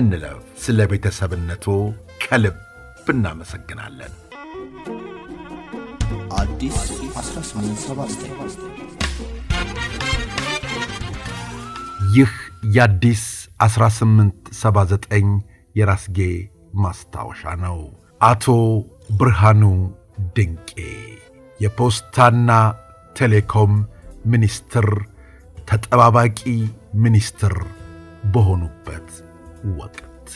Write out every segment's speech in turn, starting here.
እንለፍ። ስለ ቤተሰብነቱ ከልብ እናመሰግናለን። ይህ የአዲስ 1879 የራስጌ ማስታወሻ ነው። አቶ ብርሃኑ ድንቄ የፖስታና ቴሌኮም ሚኒስትር ተጠባባቂ ሚኒስትር በሆኑበት ወቅት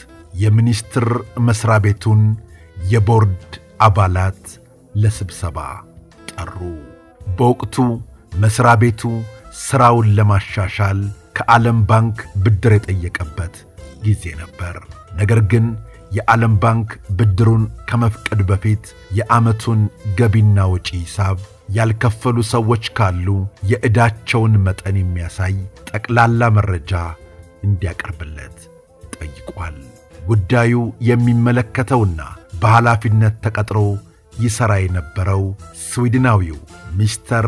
የሚኒስትር መሥሪያ ቤቱን የቦርድ አባላት ለስብሰባ ጠሩ። በወቅቱ መሥሪያ ቤቱ ሥራውን ለማሻሻል ከዓለም ባንክ ብድር የጠየቀበት ጊዜ ነበር። ነገር ግን የዓለም ባንክ ብድሩን ከመፍቀድ በፊት የዓመቱን ገቢና ወጪ ሂሳብ ያልከፈሉ ሰዎች ካሉ የዕዳቸውን መጠን የሚያሳይ ጠቅላላ መረጃ እንዲያቀርብለት ጠይቋል። ጉዳዩ የሚመለከተውና በኃላፊነት ተቀጥሮ ይሠራ የነበረው ስዊድናዊው ሚስተር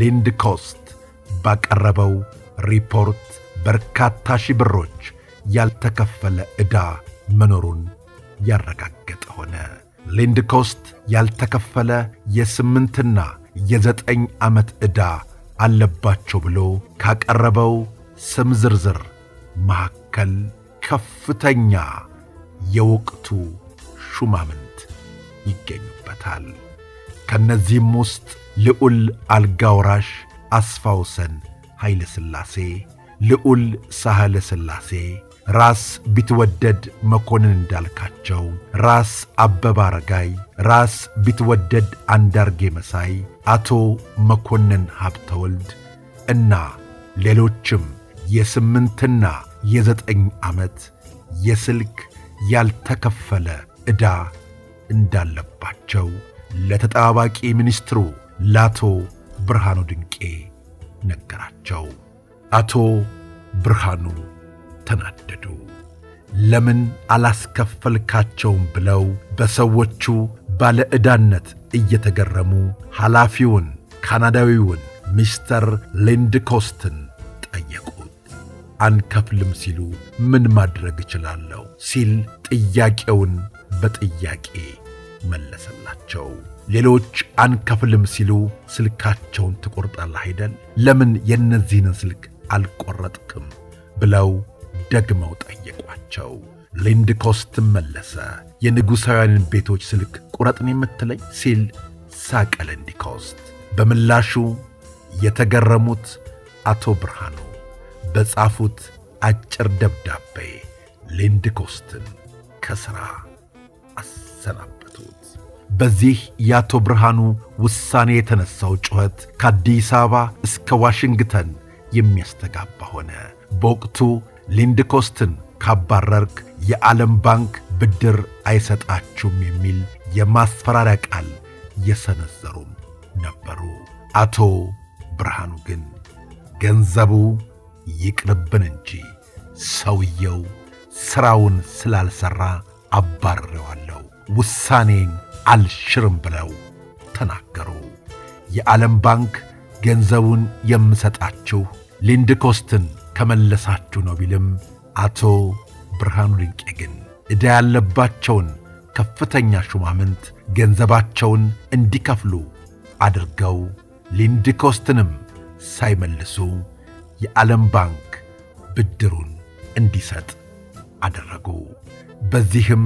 ሊንድኮስት ባቀረበው ሪፖርት በርካታ ሺህ ብሮች ያልተከፈለ ዕዳ መኖሩን ያረጋገጠ ሆነ። ሊንድኮስት ያልተከፈለ የስምንትና የዘጠኝ ዓመት ዕዳ አለባቸው ብሎ ካቀረበው ስም ዝርዝር መካከል ከፍተኛ የወቅቱ ሹማምንት ይገኙበታል። ከእነዚህም ውስጥ ልዑል አልጋውራሽ አስፋውሰን ኃይለ ሥላሴ፣ ልዑል ሳህለ ሥላሴ፣ ራስ ቢትወደድ መኮንን እንዳልካቸው፣ ራስ አበባ አረጋይ፣ ራስ ቢትወደድ አንዳርጌ መሳይ፣ አቶ መኮንን ሀብተወልድ እና ሌሎችም የስምንትና የዘጠኝ ዓመት የስልክ ያልተከፈለ ዕዳ እንዳለባቸው ለተጠባባቂ ሚኒስትሩ ለአቶ ብርሃኑ ድንቄ ነገራቸው። አቶ ብርሃኑ ተናደዱ። ለምን አላስከፈልካቸውም ብለው በሰዎቹ ባለ ዕዳነት እየተገረሙ ኃላፊውን ካናዳዊውን ሚስተር ሊንድኮስትን ጠየቁ። አንከፍልም ሲሉ ምን ማድረግ እችላለሁ ሲል ጥያቄውን በጥያቄ መለሰላቸው። ሌሎች አንከፍልም ሲሉ ስልካቸውን ትቆርጣለህ አይደል? ለምን የእነዚህን ስልክ አልቆረጥክም? ብለው ደግመው ጠየቋቸው። ሊንድኮስት መለሰ፣ የንጉሣውያንን ቤቶች ስልክ ቁረጥን የምትለኝ ሲል ሳቀ ሊንድኮስት። በምላሹ የተገረሙት አቶ ብርሃኑ በጻፉት አጭር ደብዳቤ ሊንድኮስትን ከሥራ አሰናበቱት። በዚህ የአቶ ብርሃኑ ውሳኔ የተነሳው ጩኸት ከአዲስ አበባ እስከ ዋሽንግተን የሚያስተጋባ ሆነ። በወቅቱ ሊንድኮስትን ካባረርክ የዓለም ባንክ ብድር አይሰጣችሁም የሚል የማስፈራሪያ ቃል የሰነዘሩም ነበሩ። አቶ ብርሃኑ ግን ገንዘቡ ይቅርብን እንጂ ሰውየው ሥራውን ስላልሠራ አባርሬዋለሁ፣ ውሳኔን አልሽርም ብለው ተናገሩ። የዓለም ባንክ ገንዘቡን የምሰጣችሁ ሊንድኮስትን ከመለሳችሁ ነው ቢልም አቶ ብርሃኑ ድንቄ ግን ዕዳ ያለባቸውን ከፍተኛ ሹማምንት ገንዘባቸውን እንዲከፍሉ አድርገው ሊንድኮስትንም ሳይመልሱ የዓለም ባንክ ብድሩን እንዲሰጥ አደረጉ። በዚህም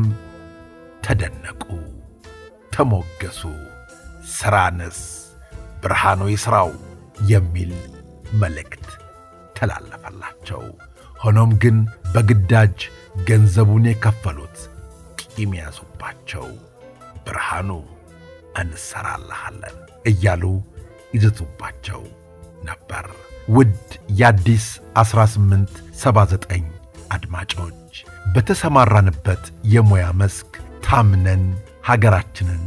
ተደነቁ፣ ተሞገሱ። ሥራንስ ብርሃኑ ይሥራው የሚል መልእክት ተላለፈላቸው። ሆኖም ግን በግዳጅ ገንዘቡን የከፈሉት ቂም ያዙባቸው። ብርሃኑ እንሰራልሃለን እያሉ ይዘቱባቸው ነበር። ውድ የአዲስ 1879 አድማጮች በተሰማራንበት የሙያ መስክ ታምነን ሀገራችንን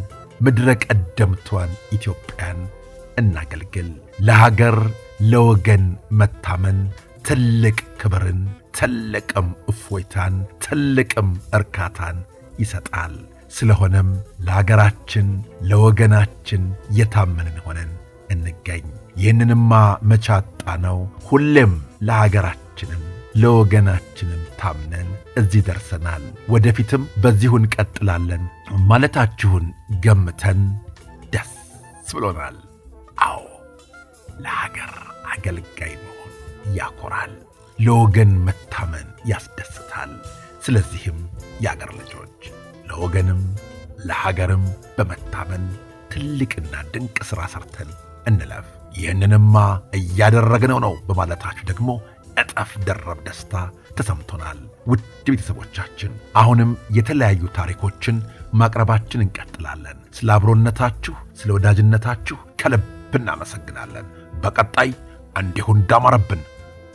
ምድረ ቀደምቷን ኢትዮጵያን እናገልግል። ለሀገር ለወገን መታመን ትልቅ ክብርን፣ ትልቅም እፎይታን፣ ትልቅም እርካታን ይሰጣል። ስለሆነም ለሀገራችን ለወገናችን የታመንን ሆነን እንገኝ። ይህንንማ መቻጣ ነው። ሁሌም ለሀገራችንም ለወገናችንም ታምነን እዚህ ደርሰናል፣ ወደፊትም በዚሁ እንቀጥላለን ማለታችሁን ገምተን ደስ ብሎናል። አዎ ለሀገር አገልጋይ መሆን ያኮራል፣ ለወገን መታመን ያስደስታል። ስለዚህም የአገር ልጆች ለወገንም ለሀገርም በመታመን ትልቅና ድንቅ ሥራ ሰርተን እንለፍ፣ ይህንንማ እያደረግነው ነው በማለታችሁ ደግሞ እጠፍ ደረብ ደስታ ተሰምቶናል። ውድ ቤተሰቦቻችን አሁንም የተለያዩ ታሪኮችን ማቅረባችን እንቀጥላለን። ስለ አብሮነታችሁ፣ ስለ ወዳጅነታችሁ ከልብ እናመሰግናለን። በቀጣይ እንዲሁ እንዳማረብን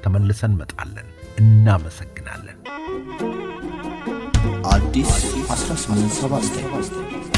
ተመልሰን መጣለን። እናመሰግናለን። አዲስ 1879